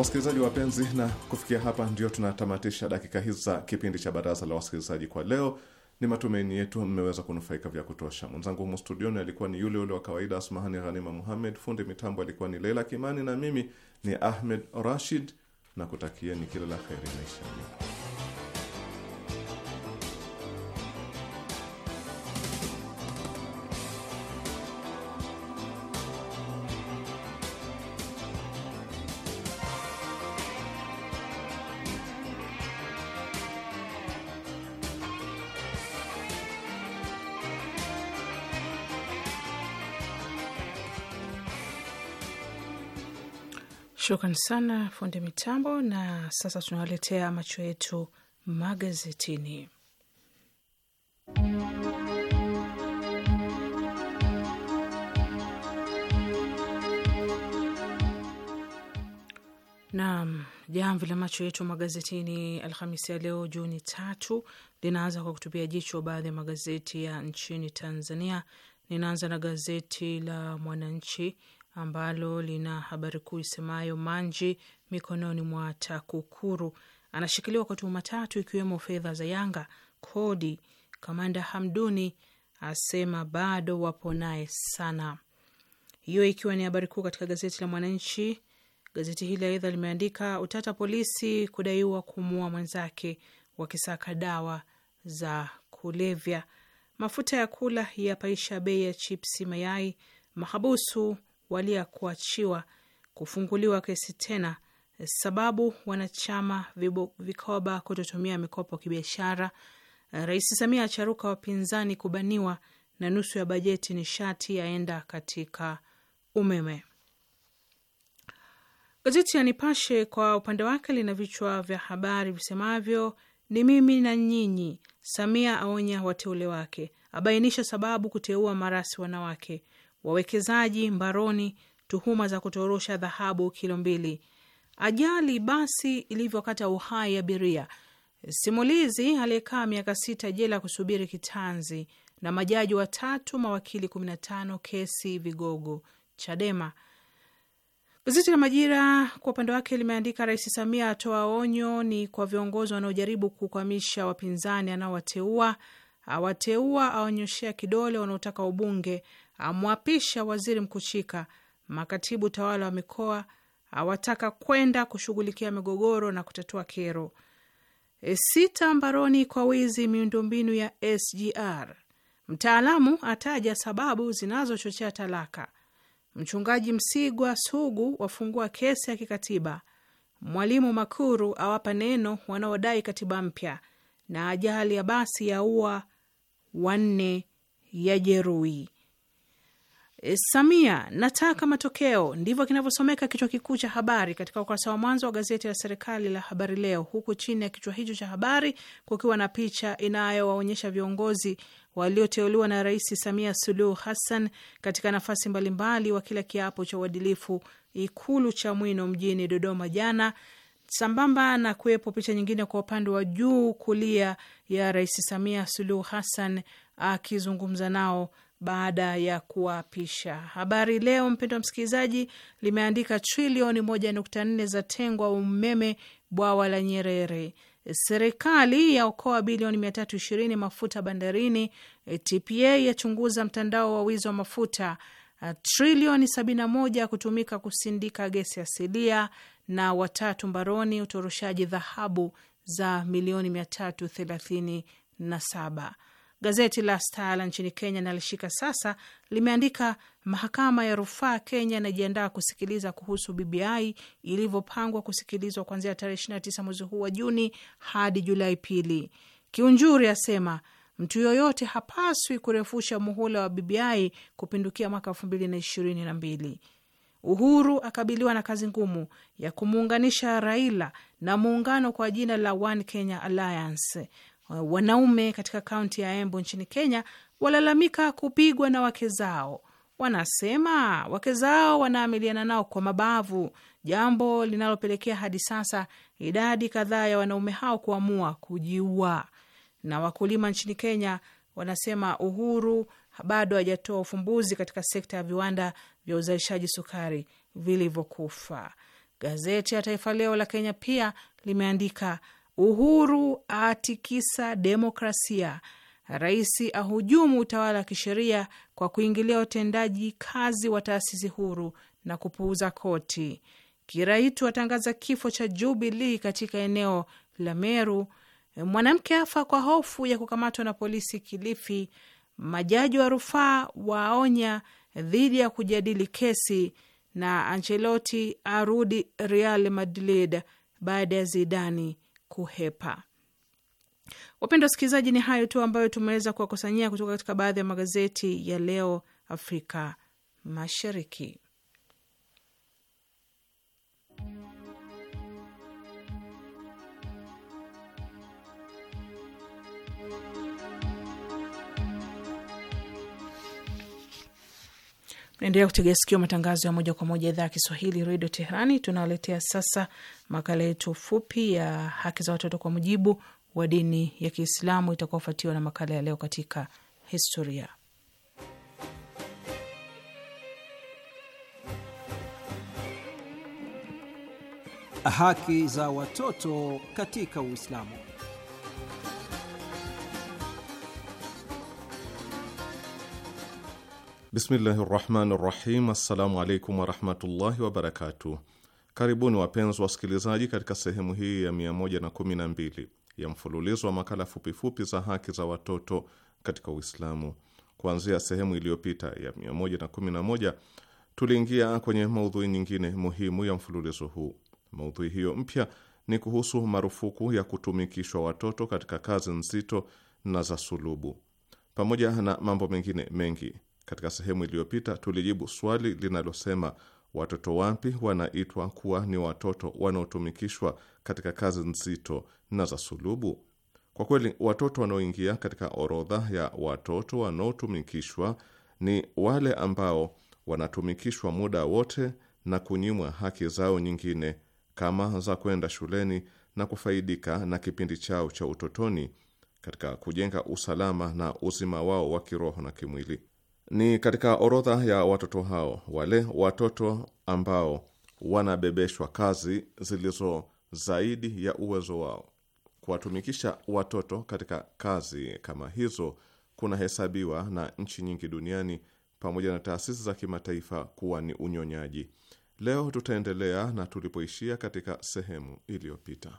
Wasikilizaji wapenzi, na kufikia hapa ndio tunatamatisha dakika hizi za kipindi cha baraza la wasikilizaji kwa leo. Ni matumaini yetu mmeweza kunufaika vya kutosha. Mwenzangu humu studioni alikuwa ni yule ule wa kawaida Asmahani Ghanima Muhammed, fundi mitambo alikuwa ni Leila Kimani, na mimi ni Ahmed Rashid na kutakieni kila la heri maishani. Shukran sana fundi mitambo. Na sasa tunawaletea macho yetu magazetini. Naam, jamvi la macho yetu magazetini Alhamisi ya leo Juni tatu linaanza kwa kutupia jicho baadhi ya magazeti ya nchini Tanzania. Ninaanza na gazeti la Mwananchi ambalo lina habari kuu isemayo Manji mikononi mwa TAKUKURU, anashikiliwa kwa tuhuma tatu ikiwemo fedha za Yanga, kodi. Kamanda Hamduni asema bado wapo naye sana. Hiyo ikiwa ni habari kuu katika gazeti la Mwananchi. Gazeti hili aidha limeandika utata, polisi kudaiwa kumua mwenzake wakisaka dawa za kulevya, mafuta ya kula yapaisha bei ya chipsi, mayai, mahabusu walia kuachiwa kufunguliwa kesi tena, sababu wanachama vikoba kutotumia mikopo kibiashara. Rais Samia acharuka wapinzani kubaniwa, na nusu ya bajeti nishati yaenda katika umeme. Gazeti ya Nipashe kwa upande wake lina vichwa vya habari visemavyo: ni mimi na nyinyi, Samia aonya wateule wake, abainisha sababu kuteua marasi wanawake, Wawekezaji mbaroni tuhuma za kutorosha dhahabu kilo mbili. Ajali basi ilivyokata uhai abiria. Simulizi aliyekaa miaka sita jela kusubiri kitanzi. Na majaji watatu, mawakili 15, kesi vigogo Chadema. Gazeti la Majira kwa upande wake limeandika Rais Samia atoa onyo ni kwa viongozi wanaojaribu kukwamisha wapinzani anaowateua awateua awanyoshea kidole wanaotaka ubunge amwapisha waziri Mkuchika. Makatibu tawala wa mikoa awataka kwenda kushughulikia migogoro na kutatua kero. E, sita mbaroni kwa wizi miundombinu ya SGR. Mtaalamu ataja sababu zinazochochea talaka. Mchungaji Msigwa Sugu wafungua kesi ya kikatiba. Mwalimu Makuru awapa neno wanaodai katiba mpya. Na ajali ya basi ya ua wanne ya jeruhi. Eh, Samia nataka matokeo, ndivyo kinavyosomeka kichwa kikuu cha habari katika ukurasa wa mwanzo wa gazeti la serikali la Habari Leo, huku chini ya kichwa hicho cha habari kukiwa na picha inayowaonyesha viongozi walioteuliwa na Rais Samia Suluhu Hassan katika nafasi mbalimbali wa kila kiapo cha uadilifu Ikulu Mwino mjini Dodoma jana, sambamba na kuwepo picha nyingine kwa upande wa juu kulia ya Rais Samia Suluhu Hassan akizungumza nao baada ya kuwaapisha. Habari Leo, mpendo wa msikilizaji, limeandika trilioni moja nukta nne za tengwa umeme bwawa la Nyerere. Serikali yaokoa bilioni mia tatu ishirini mafuta bandarini. TPA yachunguza mtandao wa wizi wa mafuta. Trilioni sabini na moja kutumika kusindika gesi asilia, na watatu mbaroni utoroshaji dhahabu za milioni mia tatu thelathini na saba. Gazeti la stala nchini Kenya nalishika sasa, limeandika mahakama ya rufaa Kenya inajiandaa kusikiliza kuhusu BBI ilivyopangwa kusikilizwa kuanzia tarehe 29 mwezi huu wa Juni hadi Julai pili. Kiunjuri asema mtu yoyote hapaswi kurefusha muhula wa BBI kupindukia mwaka elfu mbili na ishirini na mbili. Uhuru akabiliwa na kazi ngumu ya kumuunganisha Raila na muungano kwa jina la One Kenya Alliance. Uh, wanaume katika kaunti ya Embu nchini Kenya walalamika kupigwa na wake zao. Wanasema wake zao wanaamiliana nao kwa mabavu, jambo linalopelekea hadi sasa idadi kadhaa ya wanaume hao kuamua kujiua. Na wakulima nchini Kenya wanasema Uhuru bado hajatoa ufumbuzi katika sekta ya viwanda vya uzalishaji sukari vilivyokufa. Gazeti ya Taifa Leo la Kenya pia limeandika Uhuru atikisa demokrasia. Rais ahujumu utawala wa kisheria kwa kuingilia utendaji kazi wa taasisi huru na kupuuza koti. Kiraitu atangaza kifo cha Jubilee katika eneo la Meru. Mwanamke afa kwa hofu ya kukamatwa na polisi Kilifi. Majaji wa rufaa waonya dhidi ya kujadili kesi, na Ancelotti arudi Real Madrid baada ya Zidani kuhepa. Wapenda wasikilizaji, ni hayo tu ambayo tumeweza kuwakusanyia kutoka katika baadhi ya magazeti ya leo Afrika Mashariki. Naendelea kutegea sikio matangazo ya moja kwa moja idhaa ya Kiswahili redio Teherani. Tunawaletea sasa makala yetu fupi ya haki za watoto kwa mujibu wa dini ya Kiislamu, itakaofuatiwa na makala ya leo katika historia. Haki za watoto katika Uislamu. Bismillahi rahmani rahim. Assalamu alaikum warahmatullahi wabarakatuh. Karibuni wapenzi wasikilizaji, katika sehemu hii ya 112 ya mfululizo wa makala fupifupi za haki za watoto katika Uislamu. Kuanzia sehemu iliyopita ya 111 tuliingia kwenye maudhui nyingine muhimu ya mfululizo huu. Maudhui hiyo mpya ni kuhusu marufuku ya kutumikishwa watoto katika kazi nzito na za sulubu, pamoja na mambo mengine mengi. Katika sehemu iliyopita tulijibu swali linalosema watoto wapi wanaitwa kuwa ni watoto wanaotumikishwa katika kazi nzito na za sulubu? Kwa kweli watoto wanaoingia katika orodha ya watoto wanaotumikishwa ni wale ambao wanatumikishwa muda wote na kunyimwa haki zao nyingine kama za kwenda shuleni na kufaidika na kipindi chao cha utotoni katika kujenga usalama na uzima wao wa kiroho na kimwili. Ni katika orodha ya watoto hao wale watoto ambao wanabebeshwa kazi zilizo zaidi ya uwezo wao. Kuwatumikisha watoto katika kazi kama hizo kunahesabiwa na nchi nyingi duniani pamoja na taasisi za kimataifa kuwa ni unyonyaji. Leo tutaendelea na tulipoishia katika sehemu iliyopita.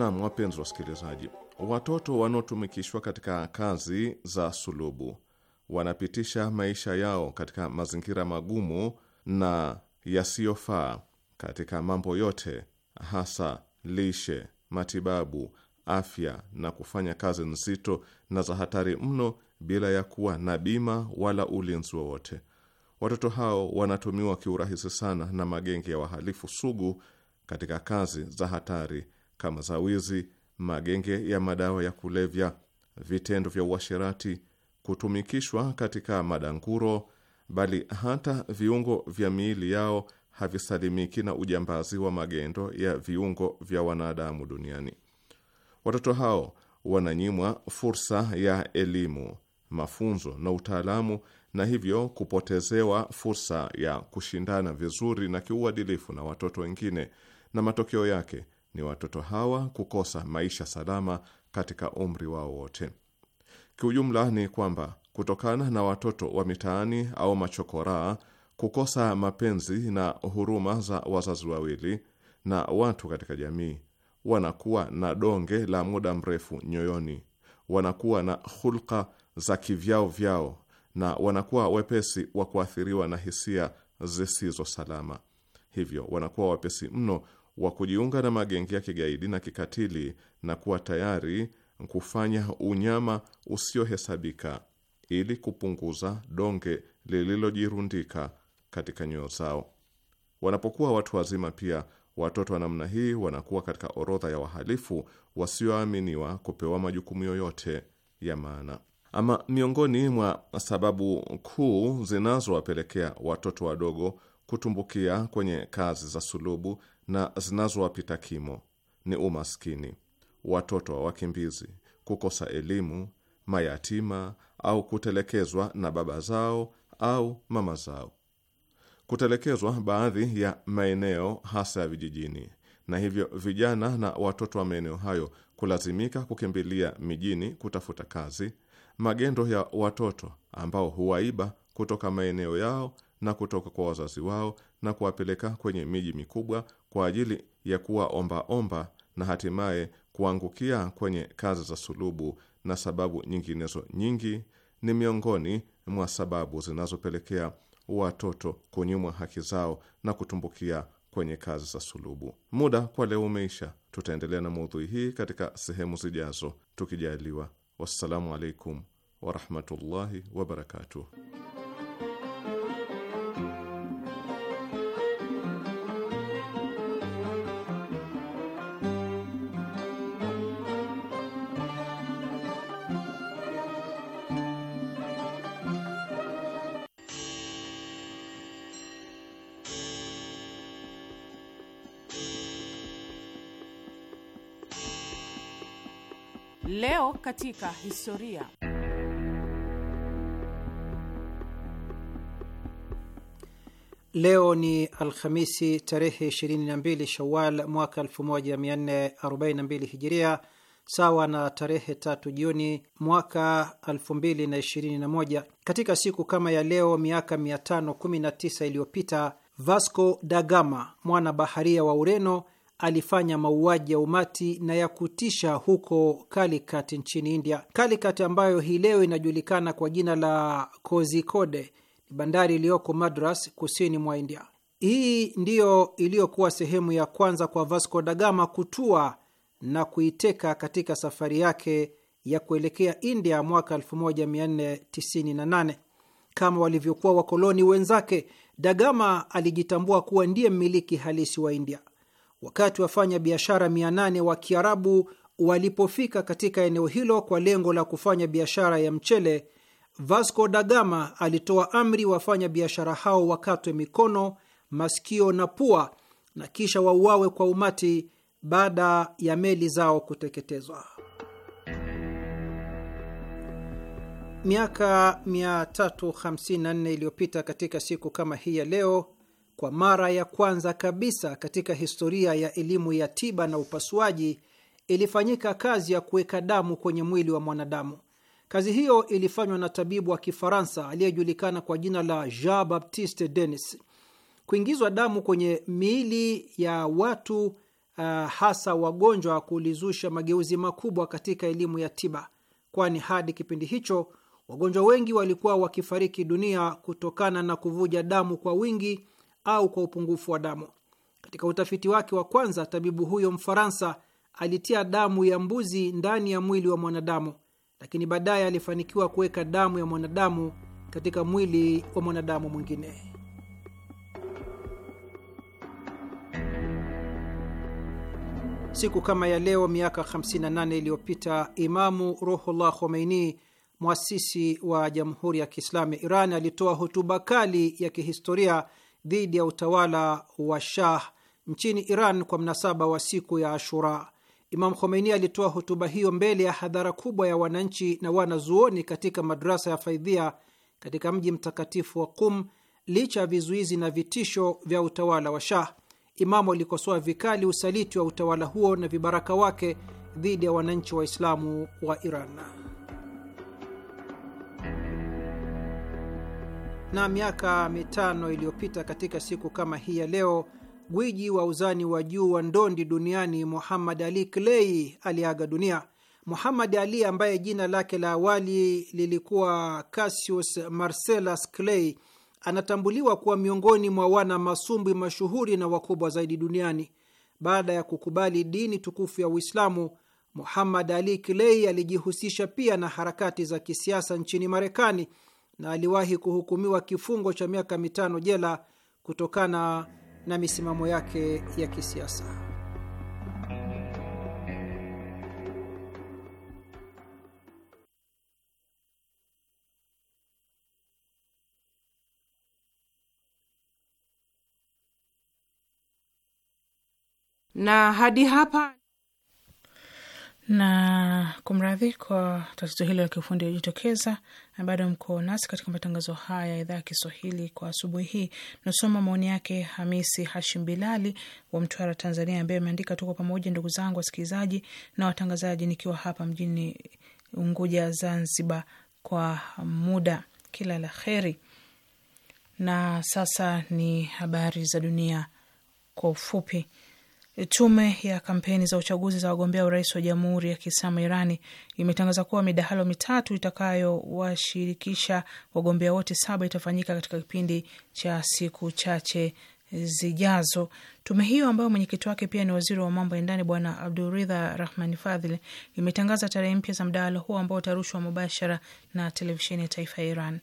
Naam, wapenzi wasikilizaji, watoto wanaotumikishwa katika kazi za sulubu wanapitisha maisha yao katika mazingira magumu na yasiyofaa katika mambo yote, hasa lishe, matibabu, afya na kufanya kazi nzito na za hatari mno bila ya kuwa na bima wala ulinzi wowote. Watoto hao wanatumiwa kiurahisi sana na magenge ya wahalifu sugu katika kazi za hatari kama za wizi, magenge ya madawa ya kulevya, vitendo vya uasherati, kutumikishwa katika madanguro, bali hata viungo vya miili yao havisalimiki na ujambazi wa magendo ya viungo vya wanadamu duniani. Watoto hao wananyimwa fursa ya elimu, mafunzo na utaalamu na hivyo kupotezewa fursa ya kushindana vizuri na kiuadilifu na watoto wengine, na matokeo yake ni watoto hawa kukosa maisha salama katika umri wao wote. Kiujumla ni kwamba kutokana na watoto wa mitaani au machokoraa kukosa mapenzi na huruma za wazazi wawili na watu katika jamii, wanakuwa na donge la muda mrefu nyoyoni, wanakuwa na hulka za kivyao vyao na wanakuwa wepesi wa kuathiriwa na hisia zisizo salama. Hivyo wanakuwa wepesi mno wa kujiunga na magenge ya kigaidi na kikatili na kuwa tayari kufanya unyama usiohesabika ili kupunguza donge lililojirundika katika nyoyo zao. Wanapokuwa watu wazima, pia watoto wa namna hii wanakuwa katika orodha ya wahalifu wasioaminiwa kupewa majukumu yoyote ya maana. Ama miongoni mwa sababu kuu zinazowapelekea watoto wadogo kutumbukia kwenye kazi za sulubu na zinazowapita kimo ni umaskini, watoto wa wakimbizi, kukosa elimu, mayatima au kutelekezwa na baba zao au mama zao, kutelekezwa baadhi ya maeneo hasa ya vijijini, na hivyo vijana na watoto wa maeneo hayo kulazimika kukimbilia mijini kutafuta kazi, magendo ya watoto ambao huwaiba kutoka maeneo yao na kutoka kwa wazazi wao na kuwapeleka kwenye miji mikubwa kwa ajili ya kuwa omba na hatimaye kuangukia kwenye kazi za sulubu na sababu nyinginezo nyingi, ni miongoni mwa sababu zinazopelekea watoto kunyimwa haki zao na kutumbukia kwenye kazi za sulubu. Muda kwa leo umeisha. Tutaendelea na maudhui hii katika sehemu zijazo tukijaliwa. Wassalamu alaikum warahmatullahi wabarakatuh. katika historia. Leo ni Alhamisi tarehe 22 Shawal mwaka 1442 Hijiria, sawa na tarehe tatu Juni mwaka 2021. Katika siku kama ya leo miaka 519 iliyopita Vasco da Gama, mwana baharia wa Ureno alifanya mauaji ya umati na ya kutisha huko Kalikat nchini India. Kalikat ambayo hii leo inajulikana kwa jina la Kozikode ni bandari iliyoko Madras, kusini mwa India. Hii ndiyo iliyokuwa sehemu ya kwanza kwa Vasco da Gama kutua na kuiteka katika safari yake ya kuelekea India mwaka 1498. Kama walivyokuwa wakoloni wenzake, Dagama alijitambua kuwa ndiye mmiliki halisi wa India wakati wafanya biashara 800 wa Kiarabu walipofika katika eneo hilo kwa lengo la kufanya biashara ya mchele, Vasco da Gama alitoa amri wafanya biashara hao wakatwe mikono, masikio na pua na kisha wauawe kwa umati baada ya meli zao kuteketezwa. Miaka 354 iliyopita katika siku kama hii ya leo kwa mara ya kwanza kabisa katika historia ya elimu ya tiba na upasuaji ilifanyika kazi ya kuweka damu kwenye mwili wa mwanadamu. Kazi hiyo ilifanywa na tabibu wa Kifaransa aliyejulikana kwa jina la Jean Baptiste Denis. Kuingizwa damu kwenye miili ya watu uh, hasa wagonjwa kulizusha mageuzi makubwa katika elimu ya tiba, kwani hadi kipindi hicho wagonjwa wengi walikuwa wakifariki dunia kutokana na kuvuja damu kwa wingi au kwa upungufu wa damu. Katika utafiti wake wa kwanza, tabibu huyo Mfaransa alitia damu ya mbuzi ndani ya mwili wa mwanadamu, lakini baadaye alifanikiwa kuweka damu ya mwanadamu katika mwili wa mwanadamu mwingine. Siku kama ya leo miaka 58 iliyopita Imamu Ruhullah Khomeini, mwasisi wa Jamhuri ya Kiislamu ya Iran, alitoa hotuba kali ya kihistoria dhidi ya utawala wa Shah nchini Iran kwa mnasaba wa siku ya Ashura. Imam Khomeini alitoa hotuba hiyo mbele ya hadhara kubwa ya wananchi na wanazuoni katika madrasa ya Faidhia katika mji mtakatifu wa Qum, licha ya vizuizi na vitisho vya utawala wa Shah. Imamu alikosoa vikali usaliti wa utawala huo na vibaraka wake dhidi ya wananchi Waislamu wa Iran. na miaka mitano iliyopita katika siku kama hii ya leo, gwiji wa uzani wa juu wa ndondi duniani Muhammad Ali Clay aliaga dunia. Muhammad Ali ambaye jina lake la awali lilikuwa Cassius Marcellus Clay anatambuliwa kuwa miongoni mwa wana masumbwi mashuhuri na wakubwa zaidi duniani. Baada ya kukubali dini tukufu ya Uislamu, Muhammad Ali Clay alijihusisha pia na harakati za kisiasa nchini Marekani na aliwahi kuhukumiwa kifungo cha miaka mitano jela kutokana na misimamo yake ya kisiasa. Na hadi hapa na kumradhi kwa tatizo hilo la kiufundi lililojitokeza bado mko nasi katika matangazo haya ya idhaa ya Kiswahili kwa asubuhi hii. Nasoma maoni yake Hamisi Hashim Bilali wa Mtwara, Tanzania, ambaye ameandika: tuko pamoja ndugu zangu wasikilizaji na watangazaji, nikiwa hapa mjini Unguja, Zanzibar, kwa muda. Kila la heri. Na sasa ni habari za dunia kwa ufupi. E, tume ya kampeni za uchaguzi za wagombea urais wa Jamhuri ya Kiislamu Irani imetangaza kuwa midahalo mitatu itakayowashirikisha wagombea wote saba itafanyika katika kipindi cha siku chache zijazo. Tume hiyo ambayo mwenyekiti wake pia ni waziri wa mambo ya ndani Bwana Abduridha Rahmani Fadhil imetangaza tarehe mpya za mdahalo huo ambao utarushwa mubashara na televisheni ya taifa ya Iran.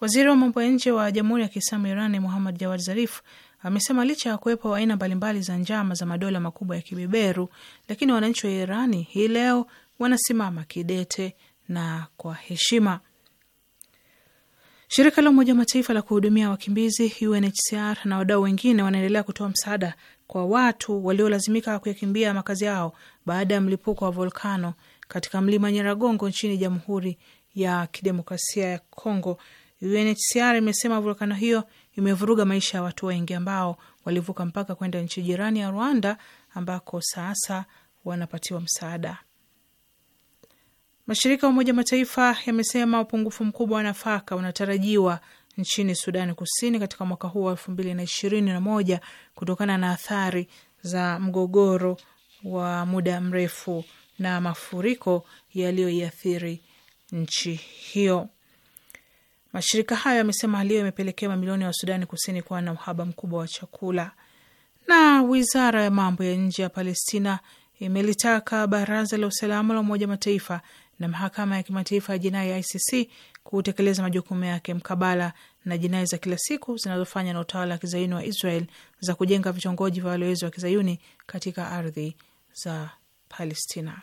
Waziri wa mambo ya nje wa Jamhuri ya Kiislamu Iran Muhammad Jawad Zarif amesema licha ya kuwepo aina mbalimbali za njama za madola makubwa ya kibeberu, lakini wananchi wa Irani hii leo wanasimama kidete na kwa heshima. Shirika la Umoja wa Mataifa la kuhudumia wakimbizi UNHCR na wadau wengine wanaendelea kutoa msaada kwa watu waliolazimika kuyakimbia makazi yao baada ya mlipuko wa volkano katika mlima Nyiragongo nchini Jamhuri ya Kidemokrasia ya Kongo. UNHCR imesema volkano hiyo imevuruga maisha ya watu wengi ambao walivuka mpaka kwenda nchi jirani ya Rwanda ambako sasa wanapatiwa msaada. Mashirika ya Umoja Mataifa yamesema upungufu mkubwa wa nafaka unatarajiwa nchini Sudani Kusini katika mwaka huu wa elfu mbili na ishirini na moja kutokana na athari za mgogoro wa muda mrefu na mafuriko yaliyoiathiri nchi hiyo. Mashirika hayo yamesema hali hiyo imepelekea mamilioni ya Wasudani Kusini kuwa na uhaba mkubwa wa chakula. Na wizara ya mambo ya nje ya Palestina imelitaka baraza la usalama la Umoja Mataifa na mahakama ya kimataifa ya jinai ya ICC kutekeleza majukumu yake mkabala na jinai za kila siku zinazofanya na utawala wa kizayuni wa Israel za kujenga vitongoji vya walowezi wa kizayuni katika ardhi za Palestina.